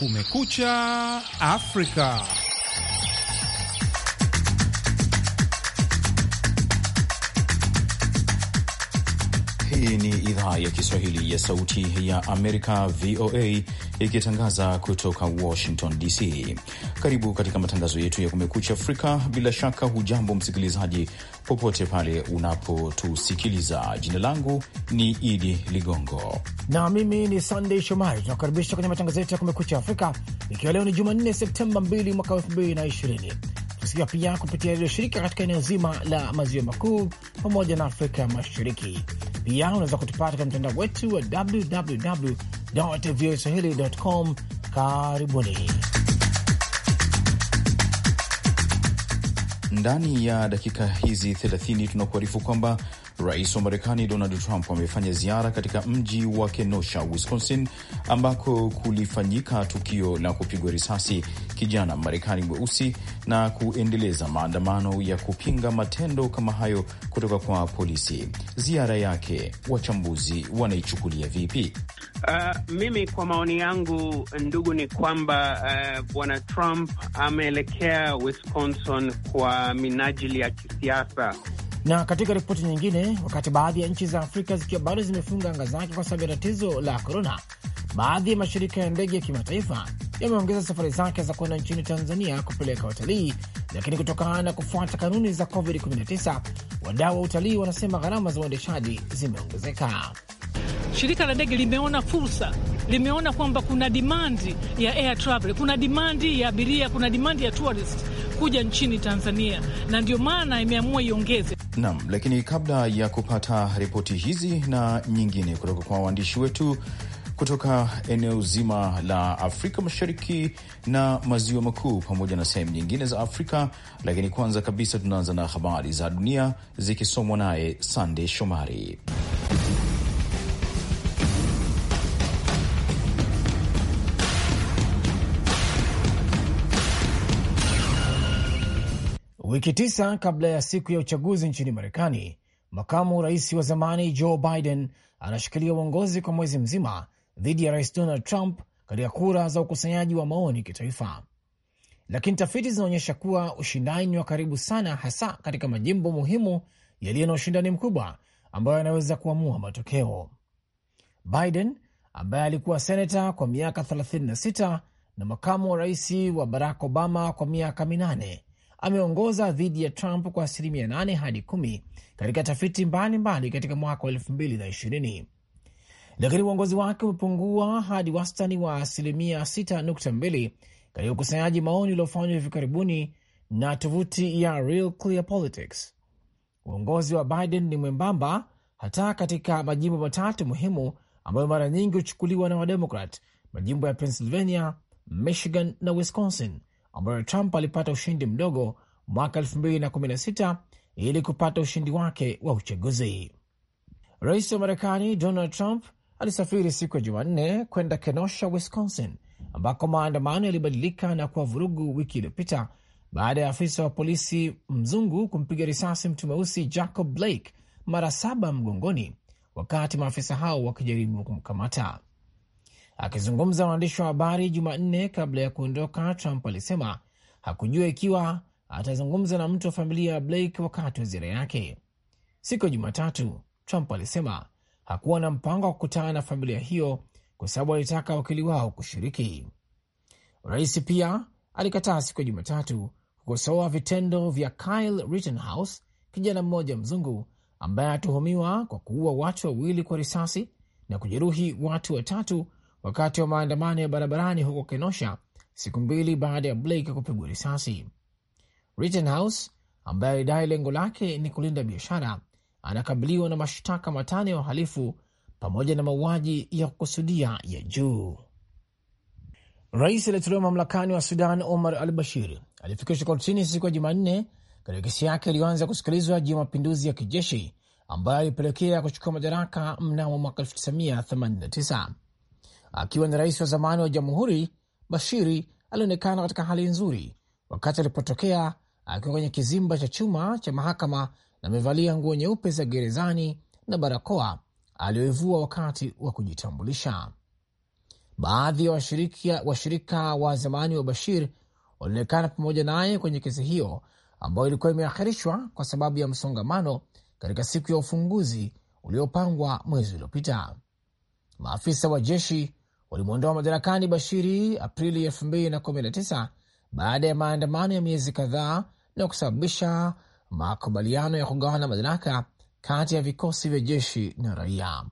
Kumekucha Afrika. Hii ni idhaa ya Kiswahili ya Sauti ya Amerika, VOA, ikitangaza kutoka Washington DC. Karibu katika matangazo yetu ya Kumekucha Afrika. Bila shaka, hujambo msikilizaji, popote pale unapotusikiliza. Jina langu ni Idi Ligongo na mimi ni Sandey Shomari. Tunakukaribisha kwenye matangazo yetu ya Kumekucha Afrika, ikiwa leo ni Jumanne, Septemba 2 mwaka 2020 tunasikika pia kupitia redio shirika katika eneo zima la maziwa makuu pamoja na Afrika Mashariki. Pia unaweza kutupata katika mtandao wetu wa www voa swahili com. Karibuni ndani ya dakika hizi 30 tunakuarifu kwamba Rais wa Marekani Donald Trump amefanya ziara katika mji wa Kenosha, Wisconsin, ambako kulifanyika tukio la kupigwa risasi kijana Marekani mweusi na kuendeleza maandamano ya kupinga matendo kama hayo kutoka kwa polisi. Ziara yake wachambuzi wanaichukulia vipi? Uh, mimi kwa maoni yangu ndugu, ni kwamba uh, bwana Trump ameelekea Wisconsin kwa minajili ya kisiasa na katika ripoti nyingine, wakati baadhi ya nchi za Afrika zikiwa bado zimefunga anga zake kwa sababu ya tatizo la korona, baadhi ya mashirika ya ndege ya kimataifa yameongeza safari zake za kwenda nchini Tanzania kupeleka watalii, lakini kutokana na kufuata kanuni za COVID-19, wadau wa utalii wanasema gharama za uendeshaji zimeongezeka. Shirika la ndege limeona fursa, limeona kwamba kuna dimandi ya air travel, kuna dimandi ya abiria, kuna dimandi ya tourist kuja nchini Tanzania, na ndio maana imeamua iongeze Naam, lakini kabla ya kupata ripoti hizi na nyingine kutoka kwa waandishi wetu kutoka eneo zima la Afrika Mashariki na Maziwa Makuu pamoja na sehemu nyingine za Afrika, lakini kwanza kabisa tunaanza na habari za dunia zikisomwa naye Sandey Shomari. Wiki tisa kabla ya siku ya uchaguzi nchini Marekani, makamu rais wa zamani Joe Biden anashikilia uongozi kwa mwezi mzima dhidi ya rais Donald Trump katika kura za ukusanyaji wa maoni kitaifa, lakini tafiti zinaonyesha kuwa ushindani ni wa karibu sana, hasa katika majimbo muhimu yaliyo na ushindani mkubwa ambayo yanaweza kuamua matokeo. Biden ambaye alikuwa senata kwa miaka 36 na makamu wa rais wa Barack Obama kwa miaka minane ameongoza dhidi ya Trump kwa asilimia nane hadi kumi katika tafiti mbalimbali mbali katika mwaka wa elfu mbili na ishirini lakini uongozi wake umepungua hadi wastani wa asilimia 6.2 katika ukusanyaji maoni uliofanywa hivi karibuni na tovuti ya Real Clear Politics. Uongozi wa Biden ni mwembamba hata katika majimbo matatu muhimu ambayo mara nyingi huchukuliwa na Wademokrat, majimbo ya Pennsylvania, Michigan na Wisconsin, ambayo Trump alipata ushindi mdogo mwaka 2016 ili kupata ushindi wake wa uchaguzi. Rais wa Marekani Donald Trump alisafiri siku ya Jumanne kwenda Kenosha, Wisconsin, ambako maandamano yalibadilika na kuwa vurugu wiki iliyopita baada ya afisa wa polisi mzungu kumpiga risasi mtu mweusi Jacob Blake mara saba mgongoni, wakati maafisa hao wakijaribu kumkamata. Akizungumza waandishi wa habari Jumanne kabla ya kuondoka, Trump alisema hakujua ikiwa atazungumza na mtu wa familia ya Blake wakati wa ziara yake. Siku ya Jumatatu, Trump alisema hakuwa na mpango wa kukutana na familia hiyo kwa sababu alitaka wakili wao kushiriki. Rais pia alikataa siku ya Jumatatu kukosoa vitendo vya Kyle Rittenhouse, kijana mmoja mzungu ambaye anatuhumiwa kwa kuua watu wawili kwa risasi na kujeruhi watu watatu wakati wa maandamano ya barabarani huko Kenosha siku mbili baada ya Blake kupigwa risasi. Rittenhouse ambaye alidai lengo lake ni kulinda biashara anakabiliwa na mashtaka matano ya uhalifu pamoja na mauaji ya kukusudia ya juu. Rais aliyetolewa mamlakani wa Sudan Omar al Bashir alifikishwa kortini siku ya Jumanne katika kesi yake iliyoanza kusikilizwa juu ya mapinduzi ya kijeshi ambayo alipelekea kuchukua madaraka mnamo mwaka 1989 Akiwa ni rais wa zamani wa jamhuri, Bashiri alionekana katika hali nzuri wakati alipotokea akiwa kwenye kizimba cha chuma cha mahakama na amevalia nguo nyeupe za gerezani na barakoa aliyoivua wakati wa kujitambulisha. Baadhi ya washirika wa zamani wa Bashir walionekana pamoja naye kwenye kesi hiyo ambayo ilikuwa imeahirishwa kwa sababu ya msongamano katika siku ya ufunguzi uliopangwa mwezi uliopita. Maafisa wa jeshi walimwondoa madarakani Bashiri Aprili 2019 baada ya maandamano ya miezi kadhaa na kusababisha makubaliano ya kugawana madaraka kati ya vikosi vya jeshi na raia.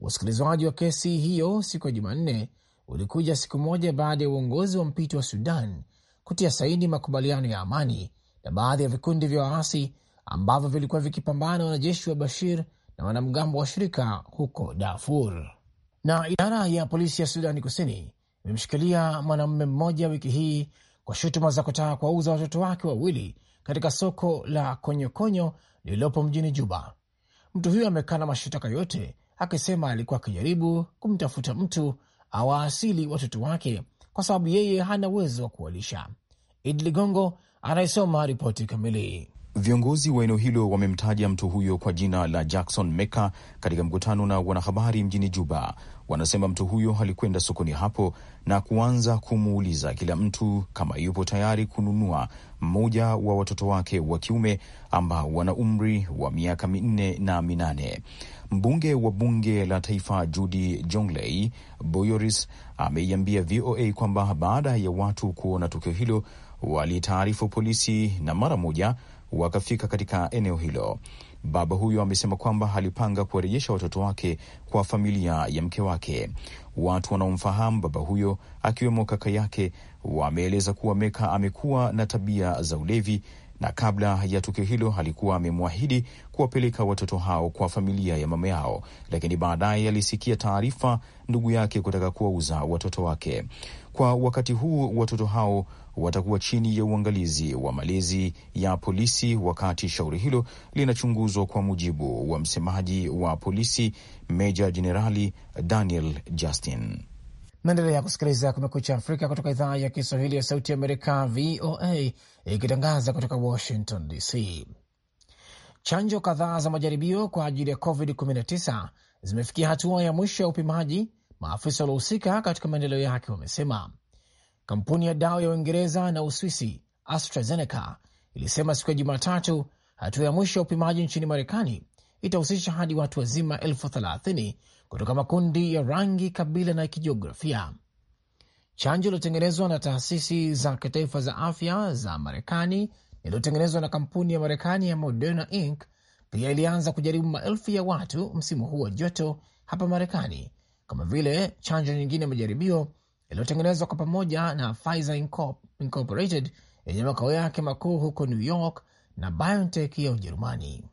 Usikilizwaji wa kesi hiyo siku ya Jumanne ulikuja siku moja baada ya uongozi wa mpito wa Sudan kutia saini makubaliano ya amani na baadhi ya vikundi vya waasi ambavyo vilikuwa vikipambana wanajeshi wa Bashir na wanamgambo wa shirika huko Darfur. Na idara ya polisi ya Sudani Kusini imemshikilia mwanamume mmoja wiki hii kwa shutuma za kutaka kuwauza watoto wake wawili katika soko la Konyokonyo lililopo mjini Juba. Mtu huyo amekana mashitaka yote akisema alikuwa akijaribu kumtafuta mtu awaasili watoto wake kwa sababu yeye hana uwezo wa kuwalisha. Idi Ligongo anayesoma ripoti kamili. Viongozi wa eneo hilo wamemtaja mtu huyo kwa jina la Jackson Meka katika mkutano na wanahabari mjini Juba. Wanasema mtu huyo alikwenda sokoni hapo na kuanza kumuuliza kila mtu kama yupo tayari kununua mmoja wa watoto wake wa kiume ambao wana umri wa miaka minne na minane. Mbunge wa bunge la taifa Judy Jonglei Boyoris ameiambia VOA kwamba baada ya watu kuona tukio hilo walitaarifu polisi na mara moja wakafika katika eneo hilo. Baba huyo amesema kwamba alipanga kuwarejesha watoto wake kwa familia ya mke wake. Watu wanaomfahamu baba huyo akiwemo kaka yake wameeleza kuwa Meka amekuwa na tabia za ulevi na kabla ya tukio hilo alikuwa amemwahidi kuwapeleka watoto hao kwa familia ya mama yao, lakini baadaye alisikia taarifa ndugu yake kutaka kuwauza watoto wake. Kwa wakati huu watoto hao watakuwa chini ya uangalizi wa malezi ya polisi wakati shauri hilo linachunguzwa, kwa mujibu wa msemaji wa polisi Meja Jenerali Daniel Justin. Naendelea kusikiliza Kumekucha Afrika kutoka idhaa ya Kiswahili ya Sauti Amerika, VOA, ikitangaza kutoka Washington DC. Chanjo kadhaa za majaribio kwa ajili ya COVID-19 zimefikia hatua ya mwisho ya upimaji maafisa waliohusika katika maendeleo yake wamesema. Kampuni ya dawa ya Uingereza na Uswisi AstraZeneca ilisema siku ya Jumatatu hatua ya mwisho ya upimaji nchini Marekani itahusisha hadi watu wazima elfu thelathini kutoka makundi ya rangi, kabila na kijiografia. Chanjo iliyotengenezwa na taasisi za kitaifa za afya za Marekani iliyotengenezwa na kampuni ya Marekani ya Moderna Inc pia ilianza kujaribu maelfu ya watu msimu huu wa joto hapa Marekani kama vile chanjo nyingine ya majaribio iliyotengenezwa kwa pamoja na Pfizer Incorporated yenye makao yake makuu huko New York na BioNTech ya Ujerumani.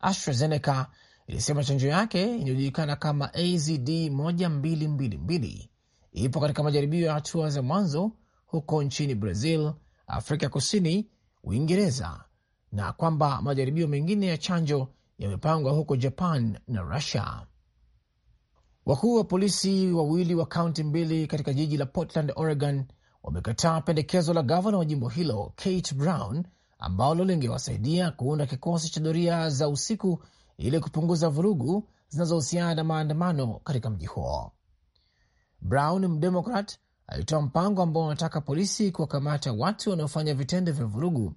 AstraZeneca ilisema chanjo yake inayojulikana kama AZD1222 ipo katika majaribio ya hatua za mwanzo huko nchini Brazil, Afrika Kusini, Uingereza na kwamba majaribio mengine ya chanjo yamepangwa huko Japan na Russia. Wakuu wa polisi wawili wa kaunti mbili katika jiji la Portland, Oregon, wamekataa pendekezo la gavana wa jimbo hilo Kate Brown ambalo lingewasaidia kuunda kikosi cha doria za usiku ili kupunguza vurugu zinazohusiana na maandamano katika mji huo. Brown, mdemokrat, alitoa mpango ambao wanataka polisi kuwakamata watu wanaofanya vitendo vya vurugu,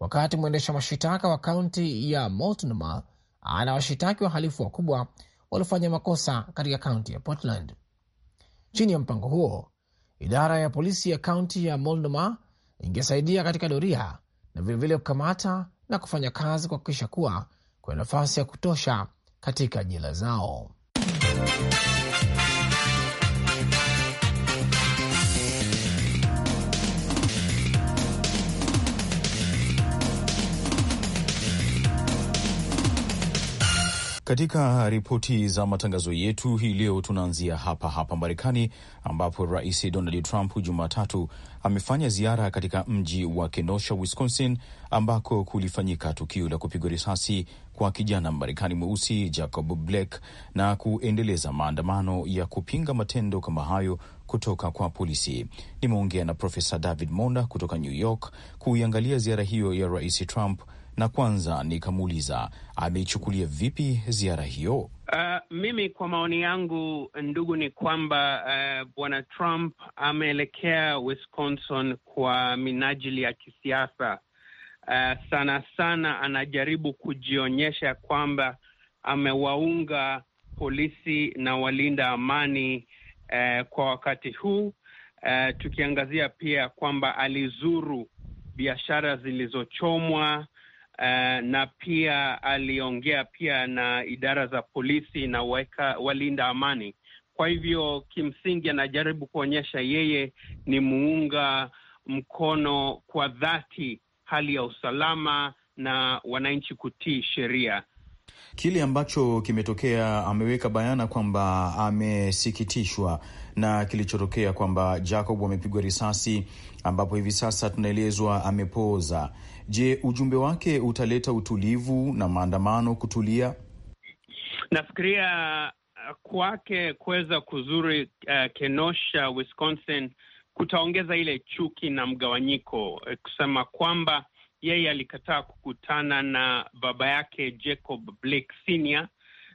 wakati mwendesha mashitaka wa kaunti ya Multnomah wa wahalifu wakubwa waliofanya makosa katika kaunti ya Portland. Chini ya mpango huo, idara ya polisi ya kaunti ya Multnomah ingesaidia katika doria na vilevile kukamata na kufanya kazi kuhakikisha kuwa kuna nafasi ya kutosha katika jela zao. Katika ripoti za matangazo yetu hii leo, tunaanzia hapa hapa Marekani, ambapo Rais Donald Trump Jumatatu amefanya ziara katika mji wa Kenosha, Wisconsin, ambako kulifanyika tukio la kupigwa risasi kwa kijana Marekani mweusi Jacob Blake na kuendeleza maandamano ya kupinga matendo kama hayo kutoka kwa polisi. Nimeongea na Profesa David Monda kutoka New York kuiangalia ziara hiyo ya Rais Trump na kwanza nikamuuliza ameichukulia vipi ziara hiyo. Uh, mimi kwa maoni yangu ndugu, ni kwamba uh, bwana Trump ameelekea Wisconsin kwa minajili ya kisiasa. Uh, sana sana anajaribu kujionyesha kwamba amewaunga polisi na walinda amani uh, kwa wakati huu uh, tukiangazia pia kwamba alizuru biashara zilizochomwa Uh, na pia aliongea pia na idara za polisi na weka, walinda amani. Kwa hivyo kimsingi anajaribu kuonyesha yeye ni muunga mkono kwa dhati hali ya usalama na wananchi kutii sheria. Kile ambacho kimetokea, ameweka bayana kwamba amesikitishwa na kilichotokea kwamba Jacob amepigwa risasi, ambapo hivi sasa tunaelezwa amepooza. Je, ujumbe wake utaleta utulivu na maandamano kutulia? Nafikiria uh, kwake kuweza kuzuri uh, Kenosha, Wisconsin kutaongeza ile chuki na mgawanyiko, eh, kusema kwamba yeye alikataa kukutana na baba yake Jacob Blake Senior,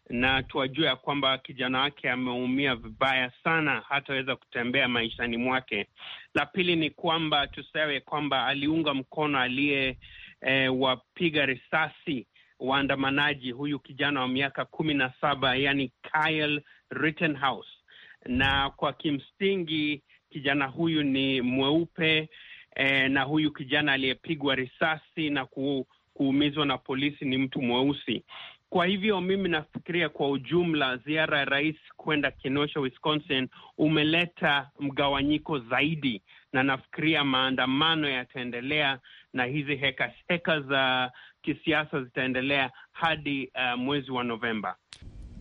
na tuwajua ya kwamba kijana wake ameumia vibaya sana, hataweza kutembea maishani mwake. La pili ni kwamba tusewe kwamba aliunga mkono aliyewapiga eh, e, risasi waandamanaji, huyu kijana wa miaka kumi na saba yani Kyle Rittenhouse, na kwa kimsingi kijana huyu ni mweupe eh, na huyu kijana aliyepigwa risasi na ku, kuumizwa na polisi ni mtu mweusi. Kwa hivyo mimi nafikiria kwa ujumla, ziara ya rais kwenda Kenosha, Wisconsin umeleta mgawanyiko zaidi, na nafikiria maandamano yataendelea na hizi heka heka za kisiasa zitaendelea hadi uh, mwezi wa Novemba.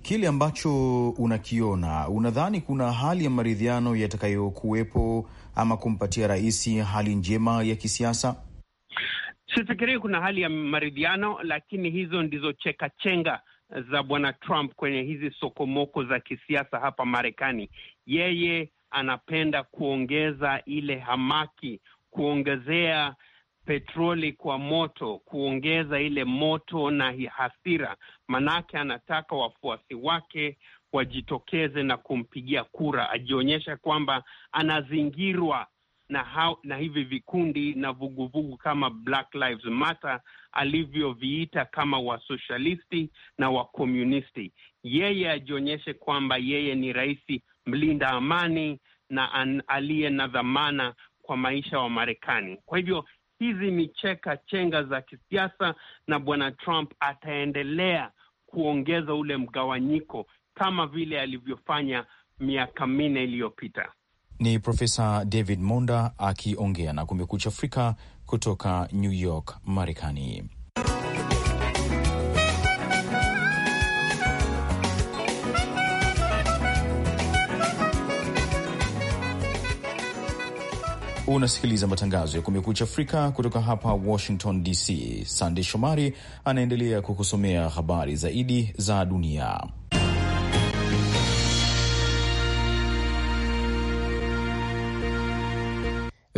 Kile ambacho unakiona, unadhani kuna hali ya maridhiano yatakayokuwepo ama kumpatia rais hali njema ya kisiasa? Sifikirii kuna hali ya maridhiano, lakini hizo ndizo chekachenga za bwana Trump kwenye hizi sokomoko za kisiasa hapa Marekani. Yeye anapenda kuongeza ile hamaki, kuongezea petroli kwa moto, kuongeza ile moto na hasira, manake anataka wafuasi wake wajitokeze na kumpigia kura, ajionyesha kwamba anazingirwa na hao, na hivi vikundi na vuguvugu vugu kama Black Lives Matter alivyoviita kama wasoshalisti na wakomunisti. Yeye ajionyeshe kwamba yeye ni rais mlinda amani na aliye na dhamana kwa maisha wa Marekani. Kwa hivyo hizi ni cheka chenga za kisiasa, na bwana Trump ataendelea kuongeza ule mgawanyiko kama vile alivyofanya miaka minne iliyopita. Ni Profesa David Monda akiongea na Kumekucha Afrika kutoka New York, Marekani. Unasikiliza matangazo ya Kumekucha Afrika kutoka hapa Washington DC. Sandey Shomari anaendelea kukusomea habari zaidi za dunia.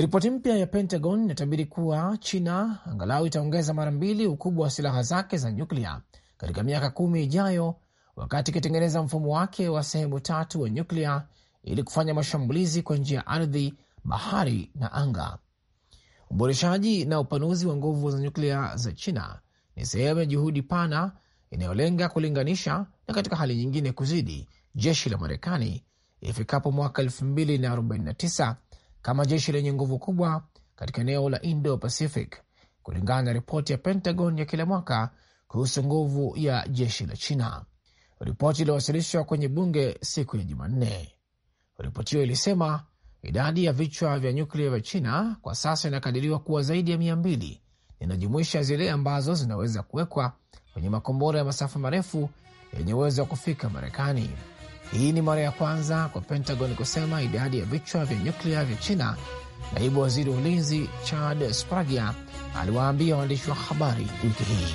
Ripoti mpya ya Pentagon inatabiri kuwa China angalau itaongeza mara mbili ukubwa wa silaha zake za nyuklia katika miaka kumi ijayo, wakati ikitengeneza mfumo wake wa sehemu tatu wa nyuklia ili kufanya mashambulizi kwa njia ya ardhi, bahari na anga. Uboreshaji na upanuzi wa nguvu za nyuklia za China ni sehemu ya juhudi pana inayolenga kulinganisha na katika hali nyingine kuzidi jeshi la Marekani ifikapo mwaka 2049 kama jeshi lenye nguvu kubwa katika eneo la Indo Pacific, kulingana na ripoti ya Pentagon ya kila mwaka kuhusu nguvu ya jeshi la China. Ripoti iliyowasilishwa kwenye bunge siku ya Jumanne. Ripoti hiyo ilisema idadi ya vichwa vya nyuklia vya China kwa sasa inakadiriwa kuwa zaidi ya mia mbili, inajumuisha zile ambazo zinaweza kuwekwa kwenye makombora ya masafa marefu yenye uwezo wa kufika Marekani. Hii ni mara ya kwanza kwa Pentagon kusema idadi ya vichwa vya nyuklia vya China. Naibu waziri wa ulinzi Chad Spragia aliwaambia waandishi wa habari wiki hii.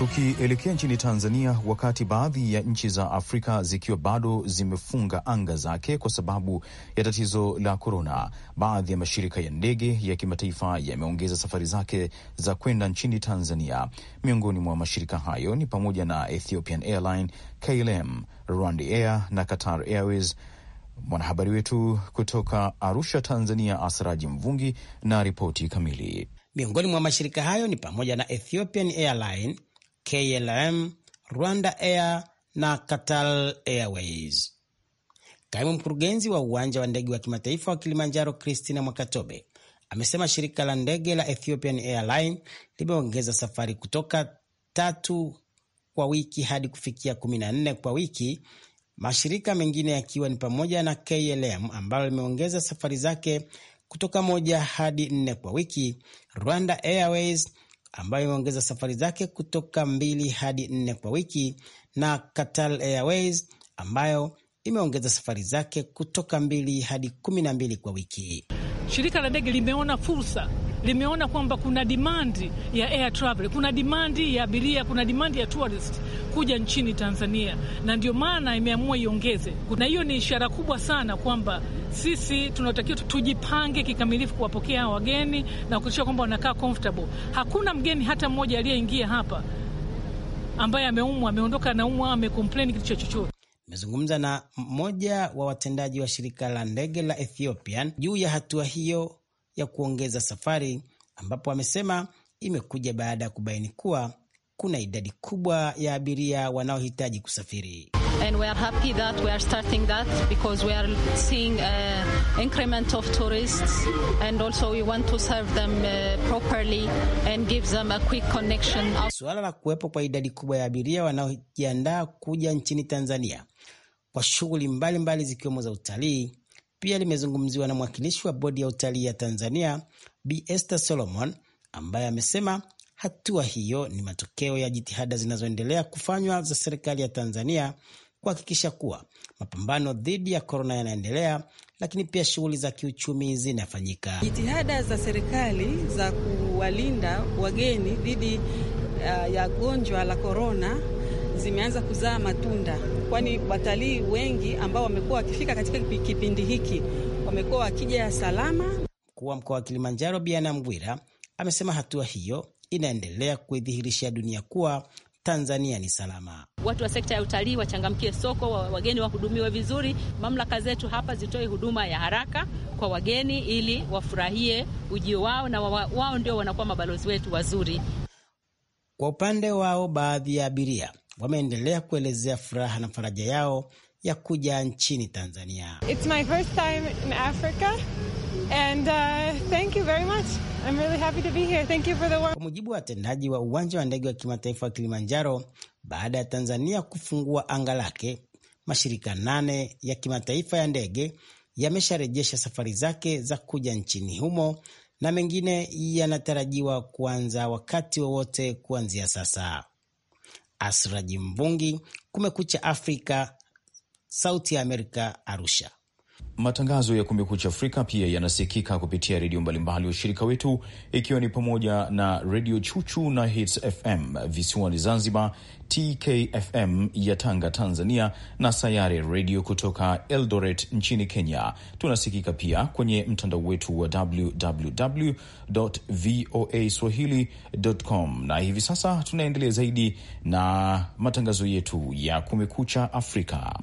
Tukielekea nchini Tanzania, wakati baadhi ya nchi za Afrika zikiwa bado zimefunga anga zake kwa sababu ya tatizo la korona, baadhi ya mashirika ya ndege ya kimataifa yameongeza safari zake za kwenda nchini Tanzania. Miongoni mwa mashirika hayo ni pamoja na Ethiopian Airline, KLM, Rwanda Air na Qatar Airways. Mwanahabari wetu kutoka Arusha, Tanzania, Asraji Mvungi na ripoti kamili. Miongoni mwa mashirika hayo ni pamoja na Ethiopian Airline KLM, Rwanda Air na Qatar Airways. Kaimu mkurugenzi wa uwanja wa ndege wa kimataifa wa Kilimanjaro, Christina Mwakatobe, amesema shirika la ndege la Ethiopian Airline limeongeza safari kutoka tatu kwa wiki hadi kufikia kumi na nne kwa wiki, mashirika mengine yakiwa ni pamoja na KLM ambalo limeongeza safari zake kutoka moja hadi nne kwa wiki, Rwanda Airways ambayo imeongeza safari zake kutoka mbili hadi nne kwa wiki na Qatar Airways ambayo imeongeza safari zake kutoka mbili hadi kumi na mbili kwa wiki. Shirika la ndege limeona fursa limeona kwamba kuna dimandi ya air travel, kuna dimandi ya abiria, kuna dimandi ya tourist kuja nchini Tanzania, na ndio maana imeamua iongeze. Na hiyo ni ishara kubwa sana kwamba sisi tunatakiwa tujipange kikamilifu kuwapokea hawa wageni na kuhakikisha kwamba wanakaa comfortable. Hakuna mgeni hata mmoja aliyeingia hapa ambaye ameumwa, ameondoka anaumwa, amecomplain kitu cha chochote. Nimezungumza na mmoja wa watendaji wa shirika la ndege la Ethiopian juu ya hatua hiyo ya kuongeza safari, ambapo amesema imekuja baada ya kubaini kuwa kuna idadi kubwa ya abiria wanaohitaji kusafiri. Uh, uh, Suala la kuwepo kwa idadi kubwa ya abiria wanaojiandaa kuja nchini Tanzania kwa shughuli mbalimbali zikiwemo za utalii pia limezungumziwa na mwakilishi wa bodi ya utalii ya Tanzania Bi Esther Solomon ambaye amesema hatua hiyo ni matokeo ya jitihada zinazoendelea kufanywa za serikali ya Tanzania kuhakikisha kuwa mapambano dhidi ya korona yanaendelea, lakini pia shughuli za kiuchumi zinafanyika. Jitihada za serikali za kuwalinda wageni dhidi uh, ya gonjwa la korona zimeanza kuzaa matunda, kwani watalii wengi ambao wamekuwa wakifika katika kipindi hiki wamekuwa wakija ya salama. Mkuu wa mkoa wa Kilimanjaro Biana Mgwira amesema hatua hiyo inaendelea kuidhihirishia dunia kuwa Tanzania ni salama. Watu wa sekta ya utalii wachangamkie soko, wageni wahudumiwe vizuri. Mamlaka zetu hapa zitoe huduma ya haraka kwa wageni ili wafurahie ujio wao, na wao ndio wanakuwa mabalozi wetu wazuri. Kwa upande wao, baadhi ya abiria wameendelea kuelezea furaha na faraja yao ya kuja nchini Tanzania. It's my first time in Africa and uh, thank you very much. I'm really happy to be here. Thank you for the work. Kwa mujibu wa watendaji wa uwanja wa ndege wa kimataifa wa Kilimanjaro, baada ya Tanzania kufungua anga lake, mashirika nane ya kimataifa ya ndege yamesharejesha safari zake za kuja nchini humo na mengine yanatarajiwa kuanza wakati wowote wa kuanzia sasa. Asraji Kumekucha Afrika, Sauti ya Amerika, Arusha. Matangazo ya Kumekucha Afrika pia yanasikika kupitia redio mbalimbali wa shirika wetu, ikiwa ni pamoja na Redio Chuchu na Hits FM visiwani Zanzibar, TKFM ya Tanga, Tanzania, na Sayare Redio kutoka Eldoret nchini Kenya. Tunasikika pia kwenye mtandao wetu wa www voa swahili.com, na hivi sasa tunaendelea zaidi na matangazo yetu ya Kumekucha Afrika.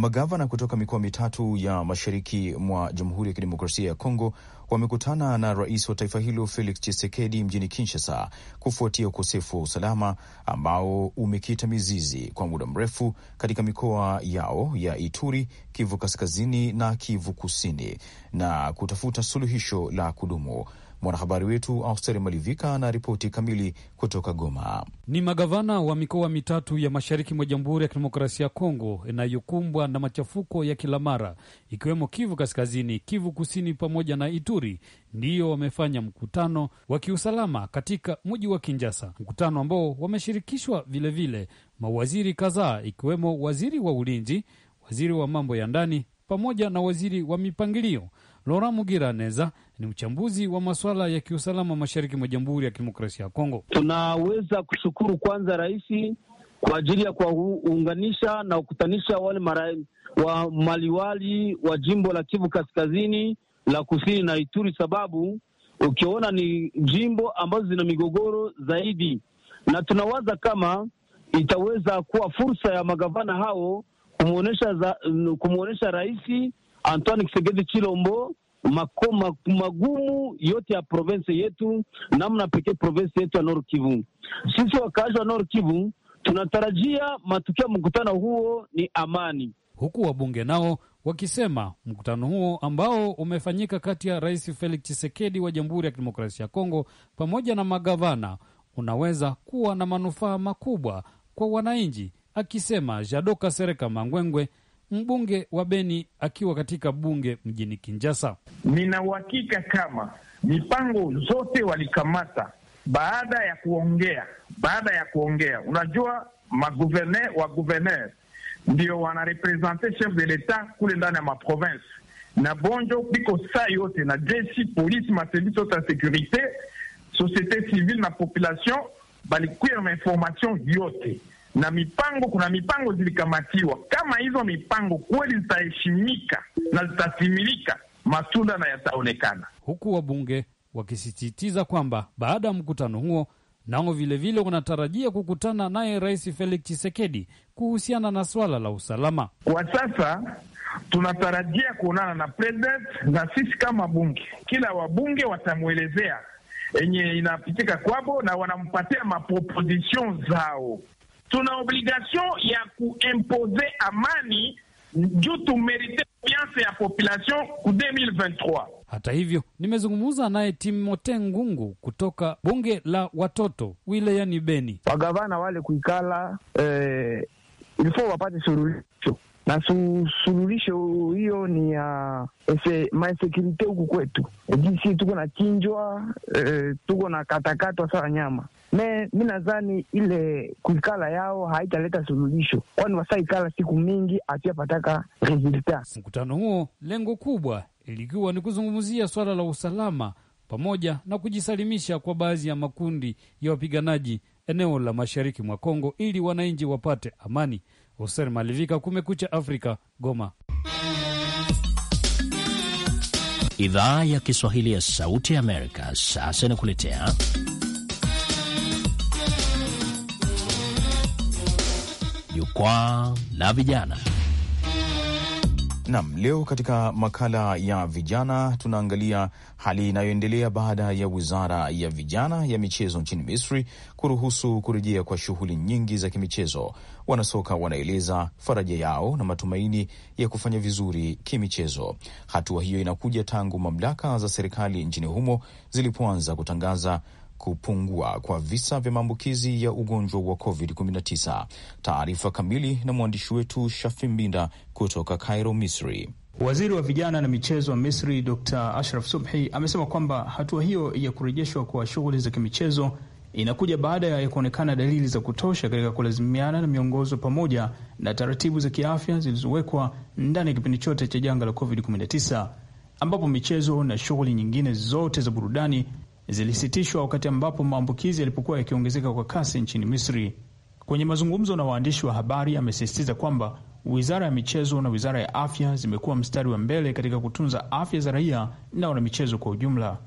Magavana kutoka mikoa mitatu ya mashariki mwa Jamhuri ya Kidemokrasia ya Kongo wamekutana na rais wa taifa hilo Felix Tshisekedi mjini Kinshasa kufuatia ukosefu wa usalama ambao umekita mizizi kwa muda mrefu katika mikoa yao ya Ituri, Kivu Kaskazini na Kivu Kusini na kutafuta suluhisho la kudumu. Mwanahabari wetu Austeri Malivika ana ripoti kamili kutoka Goma. Ni magavana wa mikoa mitatu ya mashariki mwa Jamhuri ya Kidemokrasia ya Kongo inayokumbwa na machafuko ya kila mara, ikiwemo Kivu Kaskazini, Kivu Kusini pamoja na Ituri, ndiyo wamefanya mkutano wa kiusalama katika mji wa Kinjasa, mkutano ambao wameshirikishwa vilevile mawaziri kadhaa, ikiwemo waziri wa ulinzi, waziri wa mambo ya ndani pamoja na waziri wa mipangilio Lora Mugira Neza ni mchambuzi wa masuala ya kiusalama mashariki mwa Jamhuri ya Kidemokrasia ya Kongo. Tunaweza kushukuru kwanza rais kwa ajili ya kuwaunganisha na kukutanisha wale mara, wa maliwali wa jimbo la Kivu Kaskazini, la Kusini na Ituri, sababu ukiona ni jimbo ambazo zina migogoro zaidi, na tunawaza kama itaweza kuwa fursa ya magavana hao kumwonyesha rais Antoine Kisegezi Chilombo makoma, magumu yote ya province yetu, namna pekee province yetu ya Nord Kivu. Sisi wakaaji wa Nord Kivu tunatarajia matukio ya mkutano huo ni amani, huku wabunge nao wakisema mkutano huo ambao umefanyika kati ya Rais Felix Tshisekedi wa Jamhuri ya Kidemokrasia ya Kongo pamoja na magavana unaweza kuwa na manufaa makubwa kwa wananchi, akisema Jadoka Sereka Mangwengwe mbunge wa Beni akiwa katika bunge mjini Kinjasa. Nina uhakika kama mipango zote walikamata baada ya kuongea, baada ya kuongea, unajua maguverner wa guverner ndio wanarepresente chef de l'etat kule ndani ya maprovince na bonjo biko saa yote na jeshi polisi, maservisi yote ya sekurite, societe civile na population balikuya mainformation yote na mipango, kuna mipango zilikamatiwa. Kama hizo mipango kweli zitaheshimika na zitatimilika, matunda na yataonekana, huku wabunge wakisisitiza kwamba baada ya mkutano huo nao vilevile wanatarajia kukutana naye Rais Felix chisekedi kuhusiana na swala la usalama. Kwa sasa tunatarajia kuonana na president, na sisi kama bunge, kila wabunge watamwelezea yenye inapitika kwabo na wanampatia maproposition zao tuna obligation ya kuimpose amani juu tumerite confiance ya population ku 2023. Hata hivyo nimezungumza naye Timote Ngungu kutoka bunge la watoto wilayani Beni. Wagavana wale kuikala eh, ilifo wapate suluhisho na suluhisho hiyo ni ya uh, mainsekurite huku kwetu, jisi tuko na chinjwa eh, tuko na katakatwa sawa nyama me mi nadhani ile kuikala yao haitaleta suluhisho, kwani wasaikala siku mingi hatiyapataka resulta. Mkutano huo lengo kubwa ilikiwa ni kuzungumzia swala la usalama pamoja na kujisalimisha kwa baadhi ya makundi ya wapiganaji eneo la mashariki mwa Kongo ili wananchi wapate amani. Hosen Malivika, Kumekucha Afrika, Goma. Idhaa ya Kiswahili ya Sauti Amerika sasa inakuletea jukwaa la vijana. Nam, leo katika makala ya vijana tunaangalia hali inayoendelea baada ya wizara ya vijana ya michezo nchini Misri kuruhusu kurejea kwa shughuli nyingi za kimichezo. Wanasoka wanaeleza faraja yao na matumaini ya kufanya vizuri kimichezo. Hatua hiyo inakuja tangu mamlaka za serikali nchini humo zilipoanza kutangaza kupungua kwa visa vya maambukizi ya ugonjwa wa COVID-19. Taarifa kamili na mwandishi wetu Shafi Mbinda kutoka Cairo, Misri. Waziri wa vijana na michezo wa Misri Dr Ashraf Subhi amesema kwamba hatua hiyo ya kurejeshwa kwa shughuli za kimichezo inakuja baada ya kuonekana dalili za kutosha katika kulazimiana na miongozo pamoja na taratibu za kiafya zilizowekwa ndani ya kipindi chote cha janga la COVID-19, ambapo michezo na shughuli nyingine zote za burudani zilisitishwa wakati ambapo maambukizi yalipokuwa yakiongezeka kwa kasi nchini Misri. Kwenye mazungumzo na waandishi wa habari, amesisitiza kwamba wizara ya michezo na wizara ya afya zimekuwa mstari wa mbele katika kutunza afya za raia na wanamichezo kwa ujumla.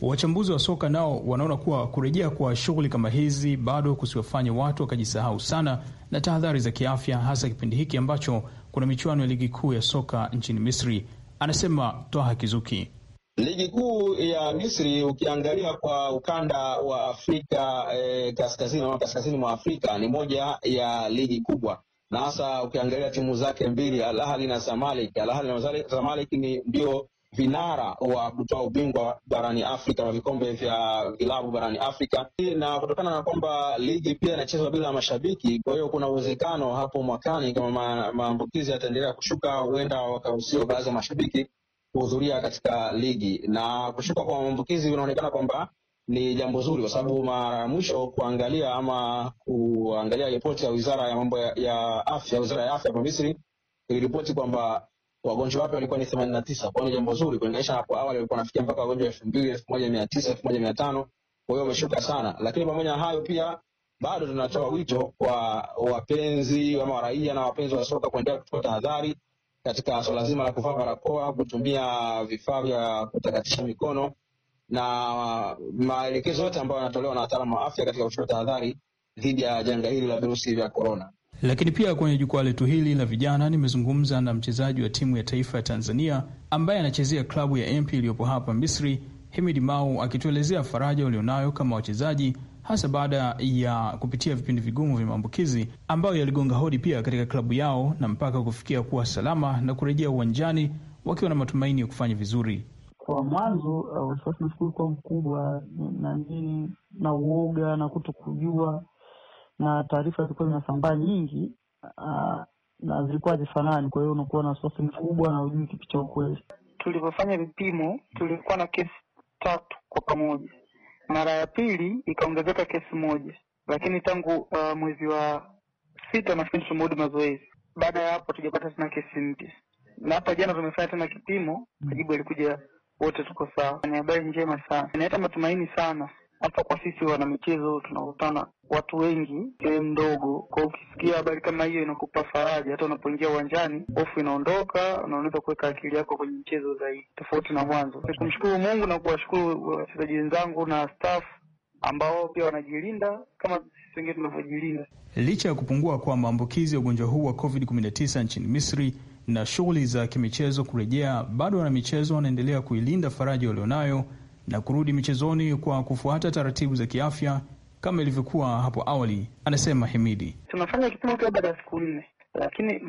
Wachambuzi wa soka nao wanaona kuwa kurejea kwa shughuli kama hizi bado kusiwafanye watu wakajisahau sana na tahadhari za kiafya, hasa kipindi hiki ambacho kuna michuano ya ligi kuu ya soka nchini Misri, anasema Twaha Kizuki. Ligi kuu ya Misri ukiangalia kwa ukanda wa Afrika eh, kaskazini ama kaskazini mwa Afrika ni moja ya ligi kubwa, na hasa ukiangalia timu zake mbili Al Ahly na Zamalek. Al Ahly na Zamalek ni ndio vinara wa kutoa ubingwa barani Afrika na vikombe vya vilabu barani Afrika, na kutokana na kwamba ligi pia inachezwa bila mashabiki, kwa hiyo kuna uwezekano hapo mwakani kama maambukizi yataendelea kushuka, huenda wakaruhusiwa baadhi ya mashabiki kuhudhuria katika ligi, na kushuka kwa maambukizi unaonekana kwamba ni jambo zuri, kwa sababu mara mwisho kuangalia ama kuangalia ripoti ya wizara ya mambo ya afya, wizara ya afya hapa Misri iliripoti kwamba wagonjwa wapya walikuwa ni themanini na tisa kwao ni jambo zuri kulinganisha hapo awali walikuwa wanafikia mpaka wagonjwa elfu mbili elfu moja mia tisa elfu moja mia tano kwa hiyo wameshuka sana lakini pamoja na hayo pia bado tunatoa wito kwa wapenzi ama raia na wapenzi wa soka kuendelea kuchukua tahadhari katika suala zima la kuvaa barakoa, kutumia vifaa vya kutakatisha mikono na maelekezo yote ambayo yanatolewa na wataalamu wa afya katika kuchukua tahadhari dhidi ya janga hili la virusi vya korona. Lakini pia kwenye jukwaa letu hili la vijana nimezungumza na mchezaji wa timu ya taifa ya Tanzania ambaye anachezea klabu ya MP iliyopo hapa Misri, Himidi Mau, akituelezea faraja walionayo kama wachezaji hasa baada ya kupitia vipindi vigumu vya maambukizi ambayo yaligonga hodi pia katika klabu yao na mpaka kufikia kuwa salama na kurejea uwanjani wakiwa na matumaini ya kufanya vizuri. Kwa mwanzo uh, wasiwasi nafikiri kuwa mkubwa na nini na uoga na kuto kujua, na taarifa zilikuwa zinasambaa nyingi uh, na zilikuwa hazifanani. Kwa hiyo unakuwa na wasiwasi mkubwa na ujui kipi cha ukweli. Tulivyofanya vipimo, tulikuwa na kesi tatu kwa pamoja mara ya pili ikaongezeka kesi moja, lakini tangu uh, mwezi wa sita nafikiri tumeudi mazoezi. Baada ya hapo tujapata tena kesi mpya, na hapa jana tumefanya tena kipimo, mm. majibu yalikuja wote tuko sawa. Ni habari njema sana, inaleta matumaini sana hata kwa sisi wanamichezo tunakutana watu wengi sehemu ndogo. kwao ukisikia habari kama hiyo inakupa faraja, hata unapoingia uwanjani hofu inaondoka na unaweza kuweka akili yako kwenye mchezo zaidi, tofauti na mwanzo. Kumshukuru Mungu na kuwashukuru wachezaji wenzangu na staff ambao pia wanajilinda kama sisi wengine tunavyojilinda. Licha ya kupungua kwa maambukizi ya ugonjwa huu wa COVID-19 nchini Misri na shughuli za kimichezo kurejea, bado wanamichezo wanaendelea kuilinda faraja walionayo na kurudi michezoni kwa kufuata taratibu za kiafya kama ilivyokuwa hapo awali, anasema Himidi. Tunafanya kipimo kila baada ya siku nne, lakini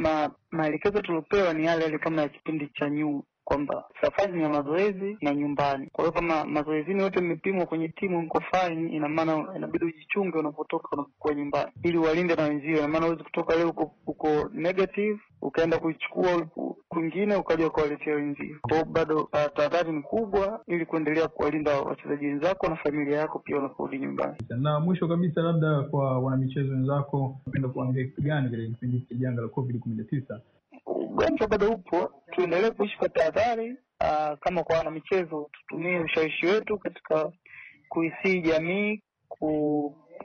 maelekezo tuliopewa ni yale yale kama ya kipindi cha nyuma, kwamba safari ni ya mazoezi na nyumbani. Kwa hiyo kama mazoezini yote mmepimwa kwenye timu mko fine, ina maana inabidi ujichunge unapotoka unapokuwa nyumbani, ili walinde na wenzio. Ina maana huwezi kutoka leo uko, uko negative ukaenda kuichukua kwingine ukaja ukawaletea wenzio. Kwa hiyo bado ah, tahadhari ni kubwa, ili kuendelea kuwalinda wachezaji wenzako na familia yako pia unaporudi nyumbani. Na mwisho kabisa, labda kwa wanamichezo wenzako, napenda kuambia kitu gani katika kipindi cha janga la COVID kumi na tisa ugonjwa bado upo, tuendelee kuishi kwa tahadhari. Ah, kama kwa michezo, tutumie ushawishi wetu katika kuisii jamii ku,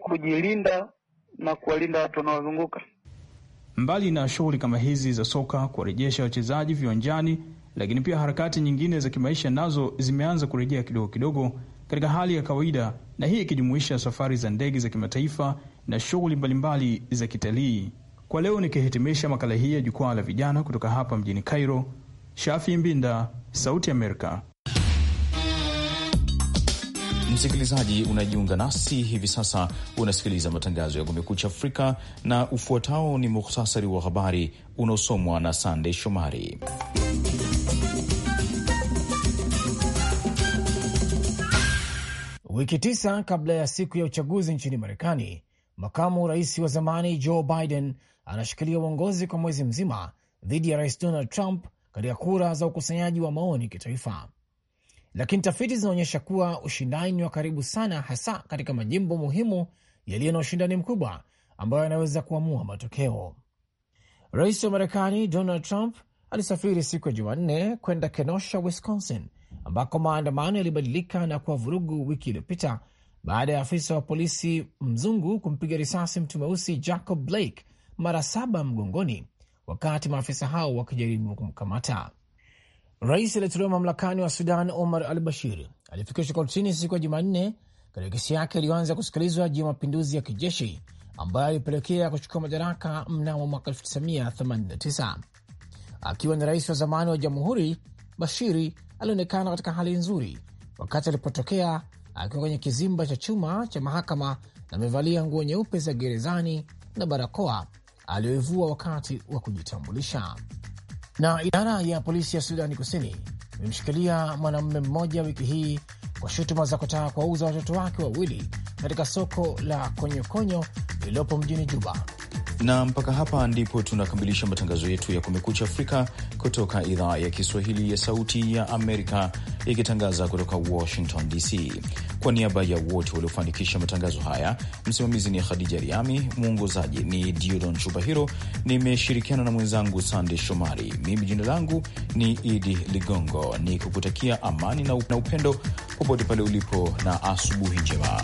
kujilinda na kuwalinda watu wanaozunguka. Mbali na shughuli kama hizi za soka kuwarejesha wachezaji viwanjani, lakini pia harakati nyingine za kimaisha nazo zimeanza kurejea kidogo kidogo katika hali ya kawaida, na hii ikijumuisha safari za ndege za kimataifa na shughuli mbalimbali za kitalii. Kwa leo nikihitimisha makala hii ya jukwaa la vijana kutoka hapa mjini Cairo, Shafi Mbinda, Sauti Amerika. Msikilizaji unajiunga nasi hivi sasa, unasikiliza matangazo ya Kumekucha Afrika, na ufuatao ni muhtasari wa habari unaosomwa na Sandey Shomari. Wiki tisa kabla ya siku ya uchaguzi nchini Marekani, makamu rais wa zamani Joe Biden anashikilia uongozi kwa mwezi mzima dhidi ya rais Donald Trump katika kura za ukusanyaji wa maoni kitaifa, lakini tafiti zinaonyesha kuwa ushindani ni wa karibu sana, hasa katika majimbo muhimu yaliyo na ushindani mkubwa ambayo yanaweza kuamua matokeo. Rais wa Marekani Donald Trump alisafiri siku ya Jumanne kwenda Kenosha, Wisconsin, ambako maandamano yalibadilika na kuwa vurugu wiki iliyopita baada ya afisa wa polisi mzungu kumpiga risasi mtu mweusi Jacob Blake mara saba mgongoni, wakati maafisa hao wakijaribu kumkamata. Rais aliyetolewa mamlakani wa Sudan Omar al Bashir alifikishwa kortini siku ya Jumanne katika kesi yake iliyoanza kusikilizwa juu ya mapinduzi ya kijeshi ambayo alipelekea kuchukua madaraka mnamo mwaka 1989. Akiwa ni rais wa zamani wa jamhuri, Bashiri alionekana katika hali nzuri wakati alipotokea akiwa kwenye kizimba cha chuma cha mahakama na amevalia nguo nyeupe za gerezani na barakoa aliyoivua wakati wa kujitambulisha. Na idara ya polisi ya Sudani Kusini imemshikilia mwanamume mmoja wiki hii kwa shutuma za kutaka kuwauza watoto wake wawili katika soko la konyokonyo lililopo mjini Juba. Na mpaka hapa ndipo tunakamilisha matangazo yetu ya Kumekucha Afrika kutoka idhaa ya Kiswahili ya Sauti ya Amerika, ikitangaza kutoka Washington DC. Kwa niaba ya wote waliofanikisha matangazo haya, msimamizi ni Khadija Riami, mwongozaji ni Diodon Chubahiro, nimeshirikiana na mwenzangu Sande Shomari. Mimi jina langu ni Idi Ligongo, ni kukutakia amani na upendo popote pale ulipo na asubuhi njema.